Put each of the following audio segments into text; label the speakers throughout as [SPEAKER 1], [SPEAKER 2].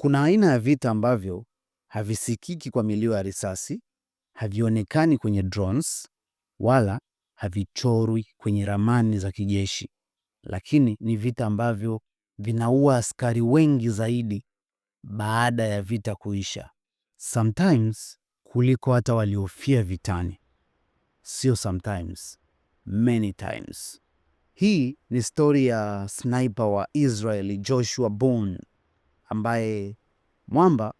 [SPEAKER 1] Kuna aina ya vita ambavyo havisikiki kwa milio ya risasi, havionekani kwenye drones, wala havichorwi kwenye ramani za kijeshi, lakini ni vita ambavyo vinaua askari wengi zaidi baada ya vita kuisha sometimes kuliko hata waliofia vitani. Sio sometimes, many times. Hii ni stori ya sniper wa Israeli Joshua Bourne ambaye mwamba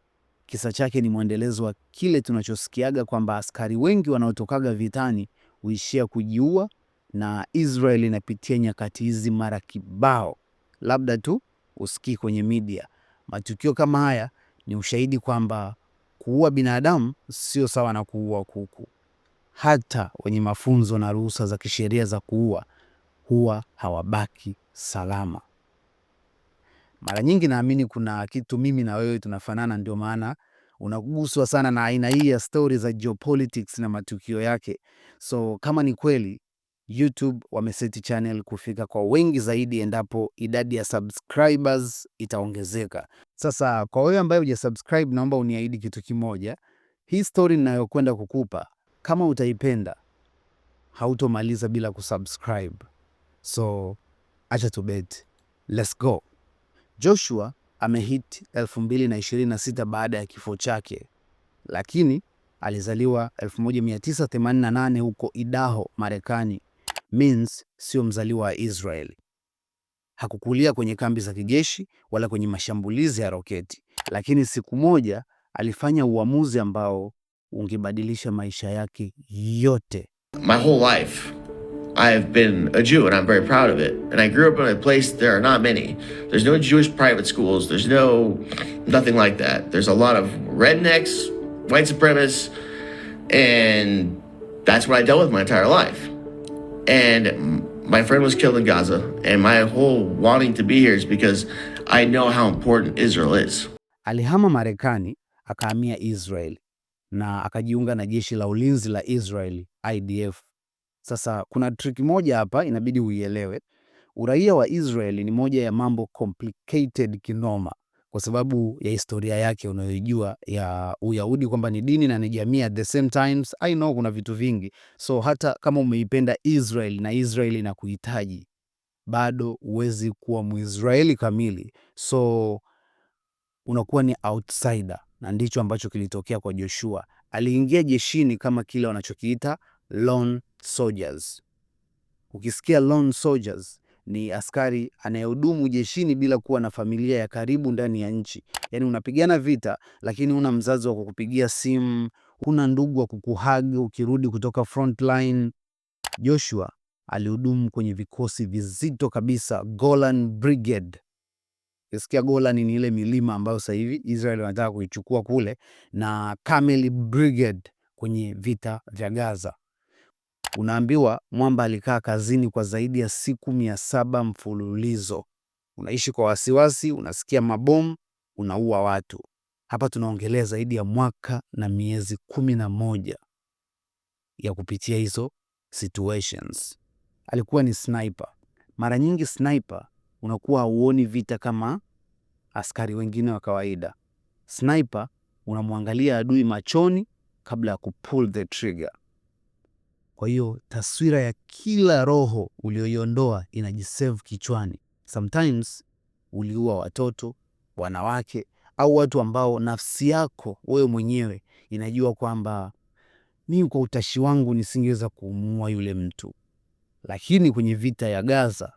[SPEAKER 1] kisa chake ni mwendelezo wa kile tunachosikiaga kwamba askari wengi wanaotokaga vitani huishia kujiua, na Israel inapitia nyakati hizi mara kibao, labda tu usikii kwenye media. Matukio kama haya ni ushahidi kwamba kuua binadamu sio sawa na kuua kuku. Hata wenye mafunzo na ruhusa za kisheria za kuua huwa hawabaki salama. Mara nyingi naamini kuna kitu mimi na wewe tunafanana, ndio maana unaguswa sana na aina hii ya stori za geopolitics na matukio yake. So kama ni kweli YouTube wameseti channel kufika kwa wengi zaidi endapo idadi ya subscribers itaongezeka. Sasa kwa wewe ambaye hujasubscribe, naomba uniahidi kitu kimoja. Hii stori ninayokwenda kukupa, kama utaipenda, hautomaliza bila kusubscribe. So acha tubet, let's go. Joshua amehit 2026 baada ya kifo chake, lakini alizaliwa 1988 huko Idaho, Marekani. Means sio mzaliwa wa Israeli. Hakukulia kwenye kambi za kijeshi wala kwenye mashambulizi ya roketi, lakini siku moja alifanya uamuzi ambao ungebadilisha maisha yake yote.
[SPEAKER 2] My whole life I have been a Jew and I'm very proud of it. And I grew up in a place there are not many. There's no Jewish private schools. There's no nothing like that. There's a lot of rednecks, white supremacists, and that's what I dealt with my entire life. And my friend was killed in Gaza, and my whole wanting to be here is because I know how important Israel is.
[SPEAKER 1] Alihama Marekani akahamia Israel na akajiunga na jeshi la ulinzi la Israel IDF Sasa kuna trick moja hapa inabidi uielewe. Uraia wa Israel ni moja ya mambo complicated kinoma kwa sababu ya historia yake unayojua ya Uyahudi kwamba ni dini na ni jamii at the same times. I know kuna vitu vingi, so hata kama umeipenda Israel na Israel inakuhitaji bado huwezi kuwa Mwisraeli kamili, so unakuwa ni outsider, na ndicho ambacho kilitokea kwa Joshua. Aliingia jeshini kama kile wanachokiita lone soldiers. Ukisikia lone soldiers ni askari anayehudumu jeshini bila kuwa na familia ya karibu ndani ya nchi. Yaani unapigana vita lakini una mzazi wa kukupigia simu, huna ndugu wa kukuhagi ukirudi kutoka frontline. Joshua alihudumu kwenye vikosi vizito kabisa, Golan Brigade. Ukisikia Golan ni ile milima ambayo sasa hivi Israel wanataka kuichukua kule, na Camel Brigade kwenye vita vya Gaza. Unaambiwa mwamba alikaa kazini kwa zaidi ya siku mia saba mfululizo. Unaishi kwa wasiwasi, unasikia mabomu, unaua watu. Hapa tunaongelea zaidi ya mwaka na miezi kumi na moja ya kupitia hizo situations. Alikuwa ni sniper. Mara nyingi sniper unakuwa hauoni vita kama askari wengine wa kawaida. Sniper unamwangalia adui machoni kabla ya kupull the trigger. Kwa hiyo taswira ya kila roho ulioiondoa inajisave kichwani. Sometimes uliua watoto, wanawake au watu ambao nafsi yako wewe mwenyewe inajua kwamba mimi kwa utashi wangu nisingeweza kumuua yule mtu, lakini kwenye vita ya Gaza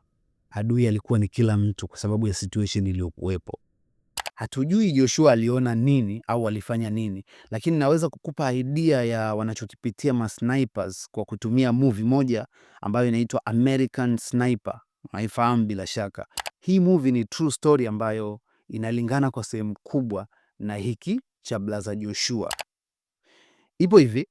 [SPEAKER 1] adui alikuwa ni kila mtu kwa sababu ya situation iliyokuwepo. Hatujui Joshua aliona nini au alifanya nini, lakini naweza kukupa idea ya wanachokipitia masnipers kwa kutumia movie moja ambayo inaitwa American Sniper. Unaifahamu bila shaka. Hii movie ni true story ambayo inalingana kwa sehemu kubwa na hiki cha Blaza Joshua. Ipo hivi,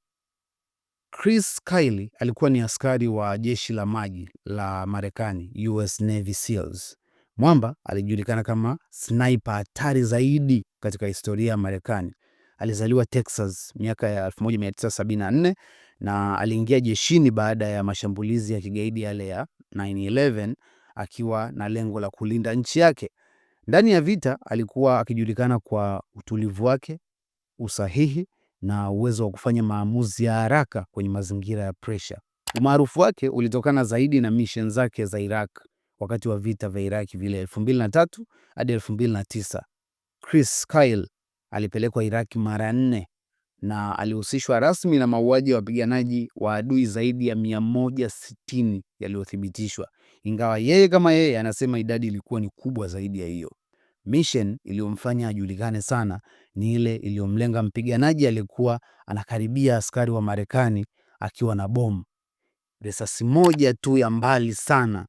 [SPEAKER 1] Chris Kyle alikuwa ni askari wa jeshi la maji la Marekani, US Navy Seals. Mwamba alijulikana kama sniper hatari zaidi katika historia ya Marekani. Alizaliwa Texas miaka ya 1974 na aliingia jeshini baada ya mashambulizi ya kigaidi yale ya 9/11 akiwa na lengo la kulinda nchi yake. Ndani ya vita alikuwa akijulikana kwa utulivu wake, usahihi na uwezo wa kufanya maamuzi ya haraka kwenye mazingira ya presha. Umaarufu wake ulitokana zaidi na mission zake za Iraq wakati wa vita vya Iraki vile 2003 hadi 2009. Chris Kyle alipelekwa Iraki mara nne na alihusishwa rasmi na mauaji ya wapiganaji wa adui zaidi ya 160 yaliyothibitishwa, ingawa yeye kama yeye anasema idadi ilikuwa ni kubwa zaidi ya hiyo. Mission iliyomfanya ajulikane sana ni ile iliyomlenga mpiganaji aliyekuwa anakaribia askari wa Marekani akiwa na bomu. Risasi moja tu ya mbali sana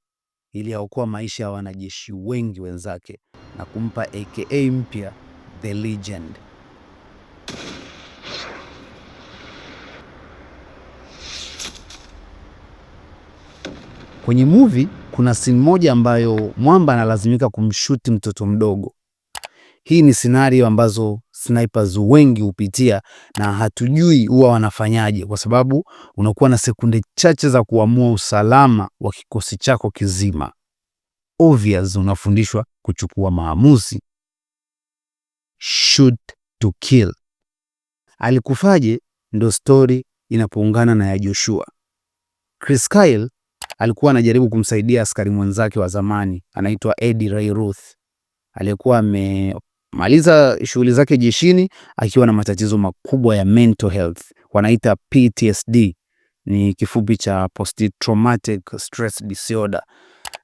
[SPEAKER 1] iliyaokoa maisha ya wanajeshi wengi wenzake na kumpa aka mpya The Legend. Kwenye movie kuna scene moja ambayo Mwamba analazimika kumshuti mtoto mdogo. Hii ni scenario ambazo snipers wengi hupitia na hatujui huwa wanafanyaje, kwa sababu unakuwa na sekunde chache za kuamua usalama wa kikosi chako kizima. Obvious, unafundishwa kuchukua maamuzi. Shoot to kill. Alikufaje ndo stori inapoungana na ya Joshua. Chris Kyle alikuwa anajaribu kumsaidia askari mwenzake wa zamani anaitwa Eddie Ray Ruth aliyekuwa ame maliza shughuli zake jeshini akiwa na matatizo makubwa ya mental health, wanaita PTSD, ni kifupi cha post traumatic stress disorder.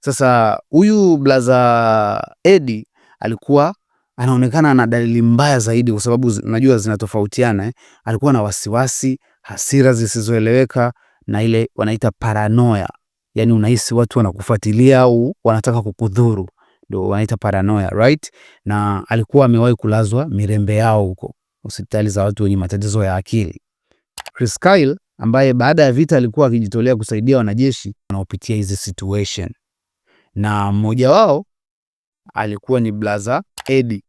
[SPEAKER 1] Sasa huyu blaza Edi alikuwa anaonekana ana dalili mbaya zaidi, kwa sababu najua zinatofautiana eh. Alikuwa na wasiwasi, hasira zisizoeleweka na ile wanaita paranoia, yani unahisi watu wanakufuatilia au wanataka kukudhuru ndo wanaita paranoia right, na alikuwa amewahi kulazwa Mirembe Yao huko hospitali za watu wenye matatizo ya akili. Chris Kyle ambaye baada ya vita alikuwa akijitolea kusaidia wanajeshi wanaopitia hizi situation, na mmoja wao alikuwa ni blaza Eddie.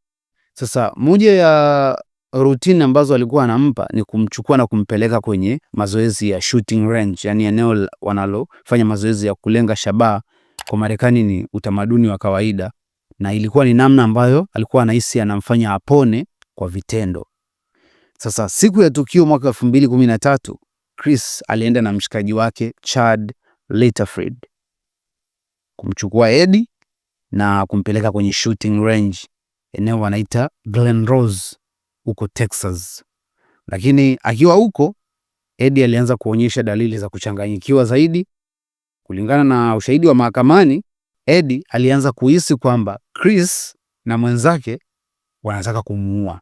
[SPEAKER 1] Sasa moja ya rutini ambazo alikuwa anampa ni kumchukua na kumpeleka kwenye mazoezi ya shooting range, yani eneo wanalofanya mazoezi ya kulenga shabaha kwa Marekani ni utamaduni wa kawaida, na ilikuwa ni namna ambayo alikuwa anahisi anamfanya apone kwa vitendo. Sasa siku ya tukio mwaka elfu mbili kumi na tatu Chris alienda na mshikaji wake Chad Litterfield kumchukua Eddie na kumpeleka kwenye shooting range eneo wanaita Glen Rose huko Texas. Lakini akiwa huko Eddie alianza kuonyesha dalili za kuchanganyikiwa zaidi Kulingana na ushahidi wa mahakamani, Eddie alianza kuhisi kwamba Chris na mwenzake wanataka kumuua.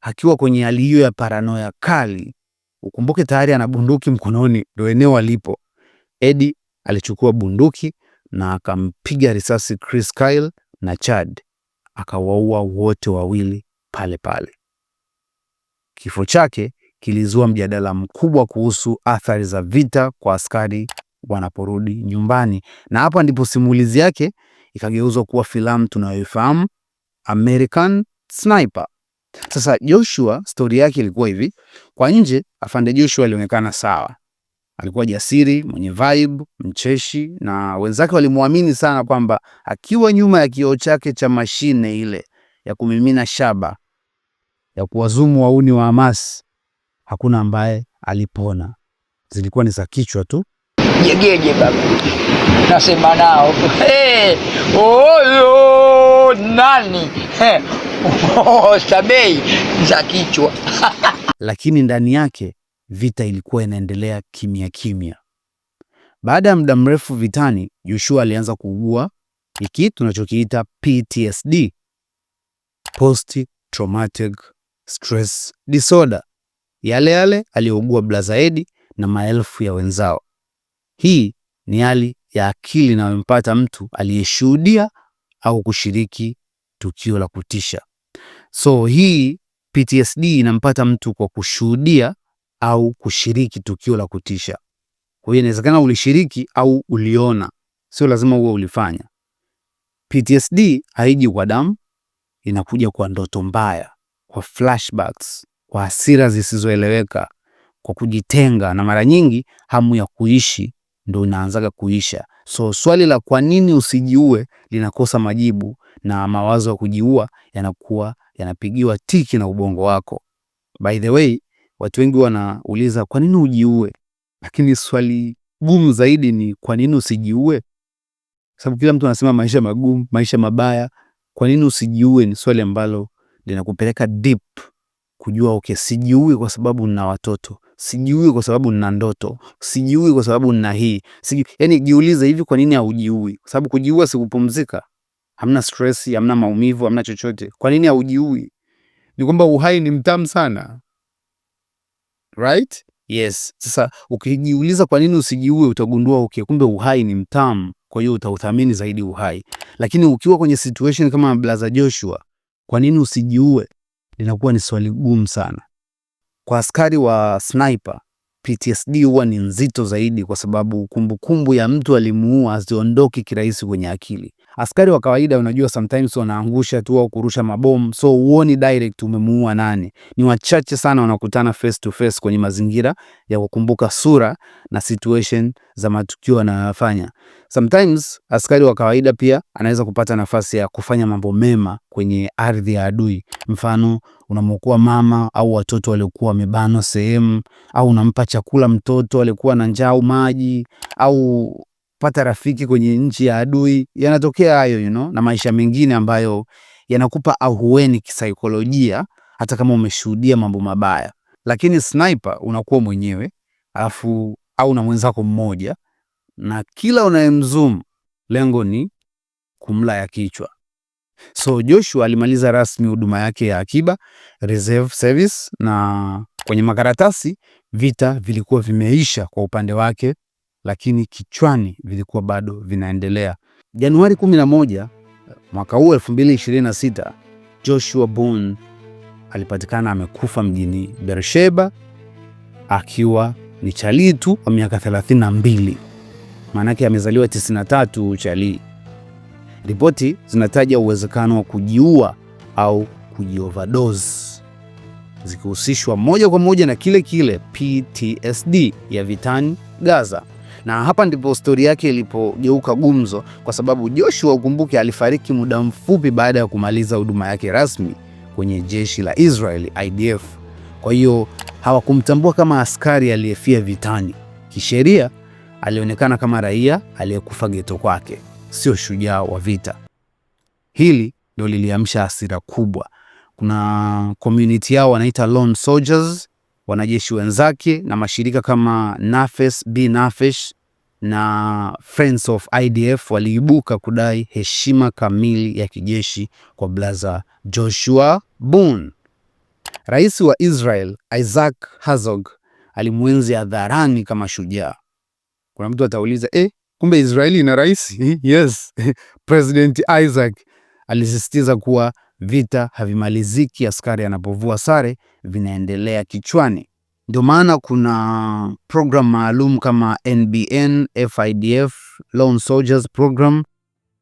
[SPEAKER 1] Akiwa kwenye hali hiyo ya paranoia kali, ukumbuke tayari ana bunduki mkononi, ndio eneo alipo. Eddie alichukua bunduki na akampiga risasi Chris Kyle na Chad, akawaua wote wawili pale pale. Kifo chake kilizua mjadala mkubwa kuhusu athari za vita kwa askari wanaporudi nyumbani. Na hapa ndipo simulizi yake ikageuzwa kuwa filamu tunayoifahamu American Sniper. Sasa Joshua, stori yake ilikuwa hivi. Kwa nje afande Joshua alionekana sawa, alikuwa jasiri, mwenye vibe, mcheshi, na wenzake walimwamini sana kwamba akiwa nyuma ya kioo chake cha mashine ile ya kumimina shaba ya kuwazumu wauni wa Hamas hakuna ambaye alipona, zilikuwa ni za kichwa tu
[SPEAKER 3] jegeje baba, nasema nao hey, oyo nani oh, sabei za kichwa
[SPEAKER 1] lakini ndani yake vita ilikuwa inaendelea kimya kimya. Baada ya muda mrefu vitani, Joshua alianza kuugua hiki tunachokiita PTSD, post traumatic stress disorder, yale yale aliyougua Blazaedi na maelfu ya wenzao. Hii ni hali ya akili inayompata mtu aliyeshuhudia au kushiriki tukio la kutisha. So hii PTSD inampata mtu kwa kushuhudia au kushiriki tukio la kutisha. Kwa hiyo inawezekana ulishiriki au uliona, sio lazima uwe ulifanya. PTSD haiji kwa damu, inakuja kwa ndoto mbaya, kwa flashbacks, kwa hasira zisizoeleweka, kwa kujitenga na mara nyingi hamu ya kuishi ndo unaanzaga kuisha. So swali la kwa nini usijiue linakosa majibu na mawazo ya kujiua yanakuwa yanapigiwa tiki na ubongo wako. By the way, watu wengi wanauliza kwa nini ujiue, lakini swali gumu zaidi ni kwa nini usijiue, sababu kila mtu anasema maisha magumu, maisha mabaya. Kwa nini usijiue ni swali ambalo linakupeleka deep kujua okay, sijiue kwa sababu nina watoto, sijiui kwa sababu nina ndoto, sijiui kwa sababu nina hii sijui. Yani jiulize hivi, kwa nini haujiui? Kwa sababu kujiua si kupumzika, hamna stress, hamna maumivu, hamna chochote. Kwa nini haujiui? Ni kwamba uhai ni mtamu sana, right? Yes. Sasa ukijiuliza kwa nini usijiue, utagundua okay, kumbe uhai ni mtamu, kwa hiyo utauthamini zaidi uhai. Lakini ukiwa kwenye situation kama Blaza Joshua, kwa nini usijiue, linakuwa ni swali gumu sana kwa askari wa sniper PTSD huwa ni nzito zaidi, kwa sababu kumbukumbu kumbu ya mtu alimuua haziondoki kirahisi kwenye akili. Askari wa kawaida unajua, sometimes wanaangusha tu au kurusha mabomu, so uoni direct umemuua nani. Ni wachache sana wanakutana face to face kwenye mazingira ya kukumbuka sura na situation za matukio anayofanya. Sometimes askari wa kawaida pia anaweza kupata nafasi ya kufanya mambo mema kwenye ardhi ya adui. Mfano, unamokoa mama au watoto waliokuwa wamebanwa sehemu, au unampa chakula mtoto aliyekuwa na njaa au maji, au pata rafiki kwenye nchi ya adui, yanatokea hayo you know, na maisha mengine ambayo yanakupa ahueni kisaikolojia, hata kama umeshuhudia mambo mabaya. Lakini sniper unakuwa mwenyewe alafu au na mwenzako mmoja, na kila unayemzoom lengo ni kumla ya kichwa. So Joshua alimaliza rasmi huduma yake ya akiba reserve service, na kwenye makaratasi vita vilikuwa vimeisha kwa upande wake lakini kichwani vilikuwa bado vinaendelea. Januari 11 mwaka huu 2026, Joshua Boone alipatikana amekufa mjini Beersheba akiwa ni chalii tu wa miaka 32. Maanake amezaliwa 93 chalii. Ripoti zinataja uwezekano wa kujiua au kujioverdose zikihusishwa moja kwa moja na kile kile PTSD ya vitani Gaza na hapa ndipo stori yake ilipogeuka gumzo, kwa sababu Joshua, ukumbuke, alifariki muda mfupi baada ya kumaliza huduma yake rasmi kwenye jeshi la Israeli IDF. Kwa hiyo hawakumtambua kama askari aliyefia vitani. Kisheria alionekana kama raia aliyekufa geto kwake, sio shujaa wa vita. Hili ndio liliamsha hasira kubwa. Kuna community yao wanaita lone soldiers, wanajeshi wenzake na mashirika kama Nafesh, B'Nafesh na Friends of IDF waliibuka kudai heshima kamili ya kijeshi kwa Blaza Joshua Boone. Rais wa Israel Isaac Herzog alimwenzi hadharani kama shujaa. Kuna mtu atauliza eh, kumbe Israeli ina rais? Yes. President Isaac alisisitiza kuwa vita havimaliziki askari anapovua sare, vinaendelea kichwani. Ndio maana kuna program maalum kama NBN, FIDF, Lone Soldiers program.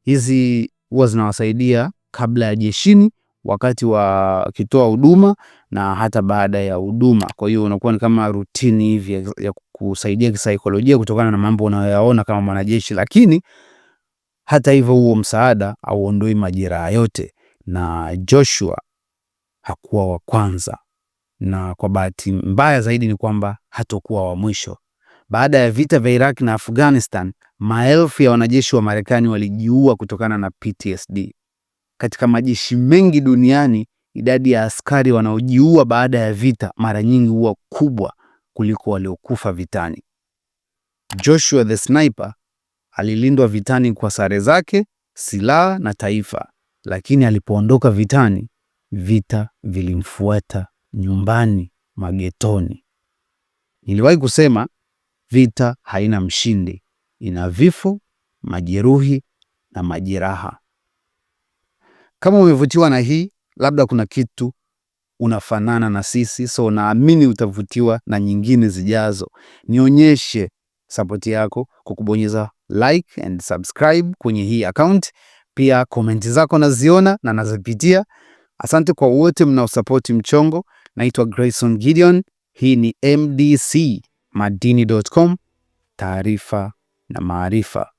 [SPEAKER 1] Hizi huwa zinawasaidia kabla ya jeshini, wakati wa kitoa huduma na hata baada ya huduma. Kwa hiyo unakuwa ni kama rutini hivi ya kusaidia kisaikolojia kutokana na mambo unayoyaona kama mwanajeshi, lakini hata hivyo huo msaada auondoi majeraha yote, na Joshua hakuwa wa kwanza na kwa bahati mbaya zaidi ni kwamba hatokuwa wa mwisho. Baada ya vita vya Iraq na Afghanistan, maelfu ya wanajeshi wa Marekani walijiua kutokana na PTSD. Katika majeshi mengi duniani, idadi ya askari wanaojiua baada ya vita mara nyingi huwa kubwa kuliko waliokufa vitani. Joshua the Sniper alilindwa vitani kwa sare zake, silaha na taifa, lakini alipoondoka vitani, vita vilimfuata nyumbani, magetoni. Niliwahi kusema vita haina mshindi, ina vifo, majeruhi na majeraha. Kama umevutiwa na hii, labda kuna kitu unafanana na sisi, so naamini utavutiwa na nyingine zijazo. Nionyeshe sapoti yako kwa kubonyeza like and subscribe kwenye hii account. Pia komenti zako naziona na nazipitia. Asante kwa wote mnaosapoti mchongo. Naitwa Grayson Gideon, hii ni MDC Madini.com, taarifa na maarifa.